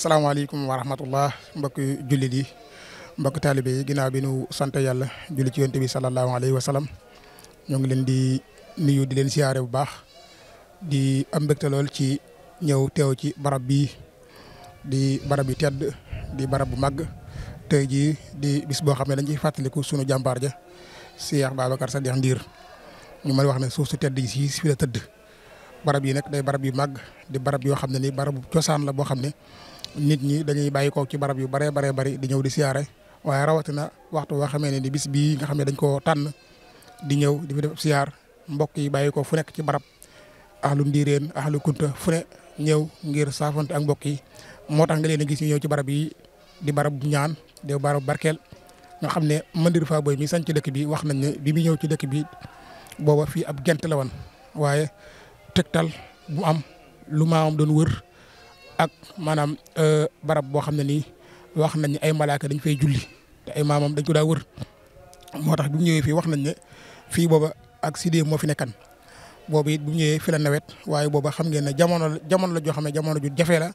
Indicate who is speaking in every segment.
Speaker 1: salaamaaleykum wa rahmatullah mbokk julli yi mbokk taalibe yi ginnaaw bi nu sant yàlla julli ci yonent bi sallallahu alayhi wa sallam ñoo ngi leen di nuyu di leen siyaare bu baax di am mbégte lool ci ñëw teew ci barab bii di barab yu tedd di barab bu màgg tey jii di bis boo xam ne dañ fàttaliku sunu jàmbaar ja Cheikh Babacar Sadikh Ndir ñu mën wax ne suuf su tedd yi si fi tëdd barab yi nag day barab yu màgg di barab yoo xam ne ni barabu cosaan la boo xam ne nit ñi dañuy bàyyi ko ci barab yu baree baree bari di ñëw di siyaare waaye rawatina waxtu boo xamee ne ni bis bii nga xam ne dañ koo tànn di ñëw di fi def siyaar mbokk yi bàyyi ko fu nekk ci barab ahlu ndiireen ahlu kunta fu ñëw ngir saafante ak mbokk yi moo tax nga leen a gis ñëw ci barab yi di barab ñaan di barab barkeel nga xam ne Mandiru Faboye mi sañ ci dëkk bi wax nañ ne bi mu ñëw ci dëkk bi booba fii ab gent la waaye tegtal bu am lu maamam doon wër ak maanaam euh, barab boo xam ne nii wax nañ ne ay malaaka dañ fay julli te ay maamam dañ ko daa wër moo tax bi mu ñëwee fii wax nañ ne fii booba ak sidee moo fi nekkan boobu it bu ñëwee fi la nawet waaye booba xam ngeen ne jamono la jamono la joo xam ne jamono ju jafe la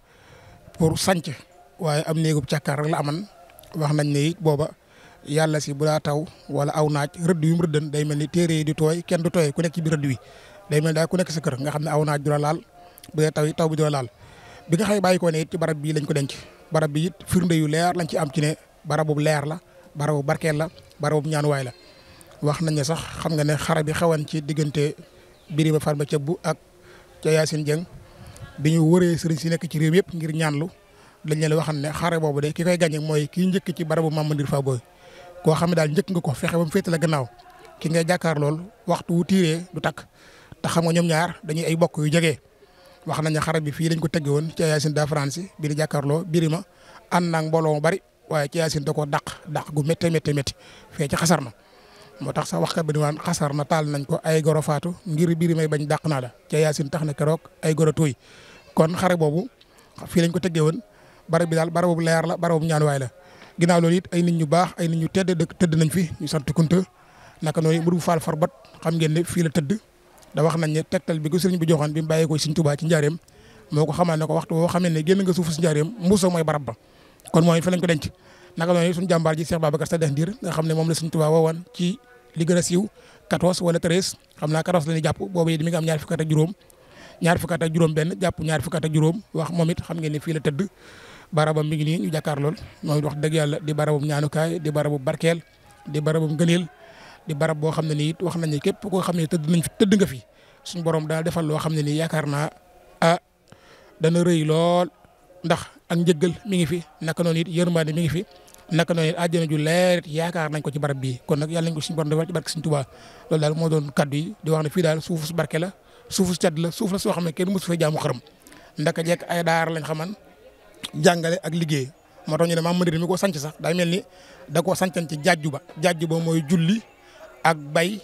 Speaker 1: pour sanc waaye am néegub càkkaar rek la aman wax nañ ne it booba yàlla si bu daa taw wala aw naaj rëdd yu mu day mel ni téere yi di tooy kenn du tooy ku nekk ci biir day mel ni daal ku nekk sa kër nga xam ne aw naaj du laal bu dee taw yi taw bi nga xëy bàyyi koo ne it ci barab bii lañ ko denc barab bi it firnde yu leer lañ ci am ci ne barab bu leer la barab bu barkeel la barab bu ñaanuwaay la. wax nañ ne sax xam nga ne xare bi xewoon ci diggante ba Birima Farba Cëbbu ak ca Yaasin Jëng bi ñu wëree sëriñ si nekk ci réew yëpp ngir ñaanlu dañ leen waxam ne xare boobu de ki koy gagné mooy kii njëkk ci barabu Mame Mandir Fa Boye koo xam ne daal njëkk nga ko fexe ba mu féete la gannaaw ki ngay jàkkaar lool waxtu wu tiiree takk te xam nga ñoom ñaar dañuy ay yu jege. wax nañ ne xare bi fii lañ ko tegge woon ci Yacine da France bi di jàkkaarloo Birima ànd naag mbooloo mu bari waaye ci Yacine da koo dàq dàq gu méttee méttee métti fee ci xasar na moo tax sax wax bi di waan xasar na taal nañ ko ay goro faatu ngir Birima yi bañ dàq naa la ci Yacine tax na keroog ay goro tuuy kon xare boobu fii lañ ko teggee woon barab bi daal barabu leer la barabu waay la ginnaaw loolu it ay nit ñu baax ay nit ñu tedd dëkk tëdd nañ fi ñu sant Kunta naka noonu mbir bu faal farbat xam ngeen ne fii la tëdd da wax nañ ne tegtal bi ko sëriñ bi joxoon bi mu bàyyi ko sëriñ Tuubaa ci njaareem moo ko xamal ne ko waxtu woo xamee ne génn nga suufu si njaareem mbuuso mooy barab ba kon mooy fa lañ ko denc naka noonu suñu jàmbaar ji ci li gën a siiw 14 wala 13 xam naa 14 la ñuy jàpp boobu it mi ngi ñaar fukki at ak juróom ñaar fukki at ak juróom benn jàpp ñaar fukki at ak juróom wax moom it xam ngeen ne fii la tëdd barabam mi ngi nii ñu jàkkaar lool moom it wax dëgg di barabam ñaanukaay barkeel di barabam gëneel di barab boo xam ne nii wax nañ ne képp koo xam ne tëdd nañ fi tëdd nga fi suñu borom daal defal loo xam ne nii yaakaar naa a ah, dana rëy lool ndax ak njëggal mi ngi fi naka noonu it yërmande mi ngi fi naka noonu it àjjana ju leer yaakaar nañ ko ci barab bii kon nag yàlla nañ ko suñu borom defal ci barke Sëriñ Tuubaa loolu moo doon kaddu di wax ne fii daal suufu su barke la suufu su la suuf la soo xam ne kenn mosu fee jaamu xaram ndaka jekk ay daar lañ xaman jàngale ak liggéey moo tax ñu ne maam Madina mi ko sanc sax day mel ni da koo sancan ci jàjju ba jàjju boo mooy julli ak bay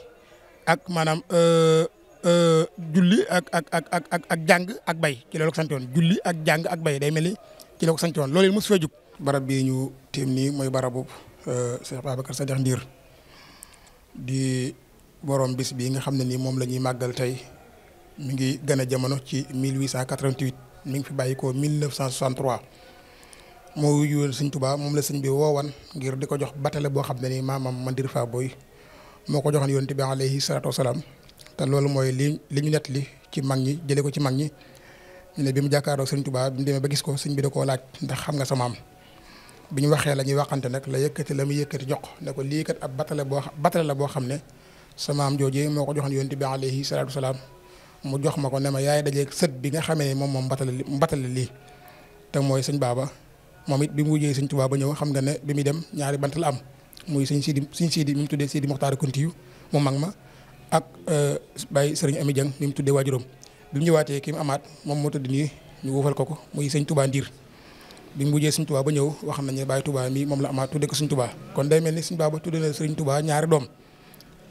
Speaker 1: ak maanaam euh, euh, julli ak ak ak ak ak jàng ak bay ci loolu ko julli ak jàng ak bay day mel ni ci la ko sant woon loolu it mos fee jug. barab bii ñu téem nii mooy barabu euh, Cheikh Babacar Sadikh Ndir di borom bis bii nga xam ne nii moom la ñuy tey mi ngi gën a jamono ci 1888 mi ngi fi bàyyi ko 1963. moo wuyu woon sëñ moom la sëñ bi woowan ngir di ko jox batale boo xam ne nii maamam Mandir Fa Boy moo ko joxoon yonent bi alayhi salaatu wasalaam te loolu mooy lii li ñu nett li ci mag ñi jëlee ko ci mag ñi ñu ne bi mu jàkkaaroo sëñ Tuubaa bi mu ba gis ko sëñ bi da koo laaj ndax xam nga sa maam ñu waxee la ñuy waxante nag la yëkkati la muy yëkkati ne ko lii kat ab batale boo batale boo xam ne sa maam moo ko joxoon yonent bi alayhi salaatu wasalaam mu jox ma ko ne ma yaay dajeeg sët bi nga xamee moom moom batale batale lii te mooy sëñ baaba moom it bi mu wujjee sëñ Tuubaa ba ñëw xam nga ne bi muy dem ñaari bant la am muy sëñ Sidi sëñ Sidi mi mu tuddee Sidi Mokhtar Kountiou mu mag ma ak euh, Baye Serigne Ami Dieng mi mu tuddee waajuram bi mu ñëwaatee ki mu amaat moom moo tëdd nii ñu wuufal ko ko muy sëñ tubaa Ndiir bi mu mujjee sëñ Touba ba ñëw wax nañ ne Baye Touba mi moom la amaat tuddee ko sëñ Touba kon day mel ni sëñ Baba tuddee na Serigne Touba ñaari doom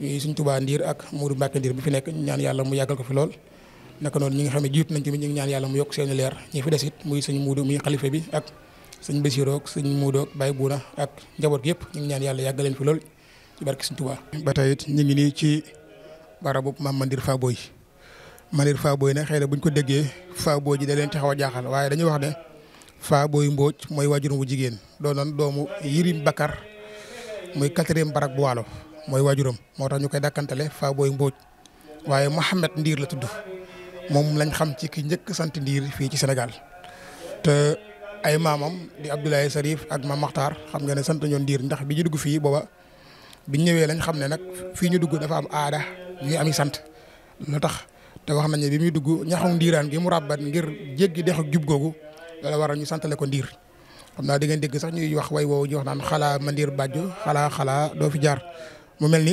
Speaker 1: ñuy sëñ Touba Ndiir ak Modou Mbacke Ndiir bi fi nekk ñaan yàlla mu yàggal ko fi lool naka noonu ñi nga xam ne jiitu nañ tamit ñu ngi ñaan yàlla mu yokk seen leer ñi fi des it muy sëñ Modou xalifa bi ak sëñ Basiru ak sëñ Muudu ak Baay Buuna ak njaboot yëpp ñu ngi ñaan yàlla yàggaleen fi lool ci barke sëñ Tuubaa ba tey ñu ngi nii ci barabu maam Mandir Faboy Mandir Faboy nag xëy na buñ ko déggee Faboy ji da leen ci xaw a jaaxal waaye dañuy wax ne Faboy Mbóoj mooy waajuram bu jigéen doonoon doomu Yirim Bakar muy quatrième barak bu Waalo mooy waajuram moo tax ñu koy dàkkantale Faboy Mbóoj waaye Mohamed Ndiir la tudd moom lañ xam ci ki njëkk sant Ndiir fii ci Sénégal ay maamam di Abdoulaye Sarif ak ma Maxtaar xam nga ne sant ñoon diir ndax bi ñu dugg fii booba biñ ñëwee lañ xam ne nag fii ñu dugg dafa am aada ñuy ami sant lu tax te wax nañ ne bi muy dugg ñaxum ndiiraan gi mu ràbbat ngir jéggi dexu jub googu loola waral ñu santale ko ndiir xam naa di ngeen dégg sax ñuy wax way woowu ñu wax naan xalaa mandiir bàjjo xalaa xalaa doo fi jaar mu mel ni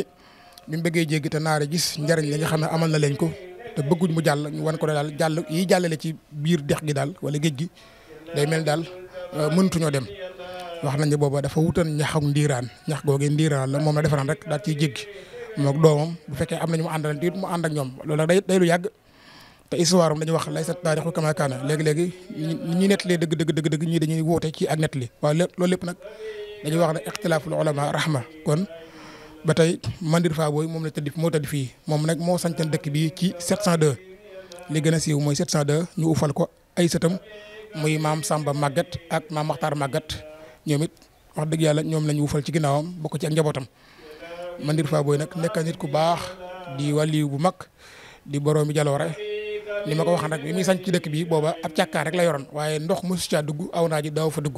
Speaker 1: bi mu bëggee jéggi te naare gis njariñ la nga xam ne amal na leen ko te bëgguñ mu jàll ñu wan ko daal jàll yi jàllale ci biir dex gi daal wala géej gi day mel daal euh, mëntuñoo dem wax nañ ne booba dafa wutan ñax ak ndiiraan ñax googu ndiiraan la moom la defaraan rek daal ciy jéggi moom doomam bu fekkee am nañu mu àndal it mu ànd ñoom loolu nag day day lu yàgg. te histoire am dañuy wax lay sa taarixu kama kaana léegi léegi ñi ñuy nettalee dëgg dëgg dëgg dëgg ñii dañuy woote ci ak nettali waaye loolu lépp nag dañuy wax ne ixtilaaful ulama rahma kon ba tey Mandir Fa booy moom na tëdd moo tëdd fii moom nag moo santoon dëkk bi ci 702 li gën a siiw mooy 702 ñu ufal ko ay sëtam muy maam Samba Maguette ak maam maxtaar Maguette ñoom it wax dëgg yàlla ñoom lañu wufal ci ginnaawam bokk ci ak njabootam Mandir faa Boye nag nekk nit ku baax di wàlliw bu mag di boroomi jaloore ni ma ko waxan rek bi muy sanc ci dëkk bi booba ab càkkaar rek la yoroon waaye ndox mosu caa dugg aw naa ji daaw fa dugg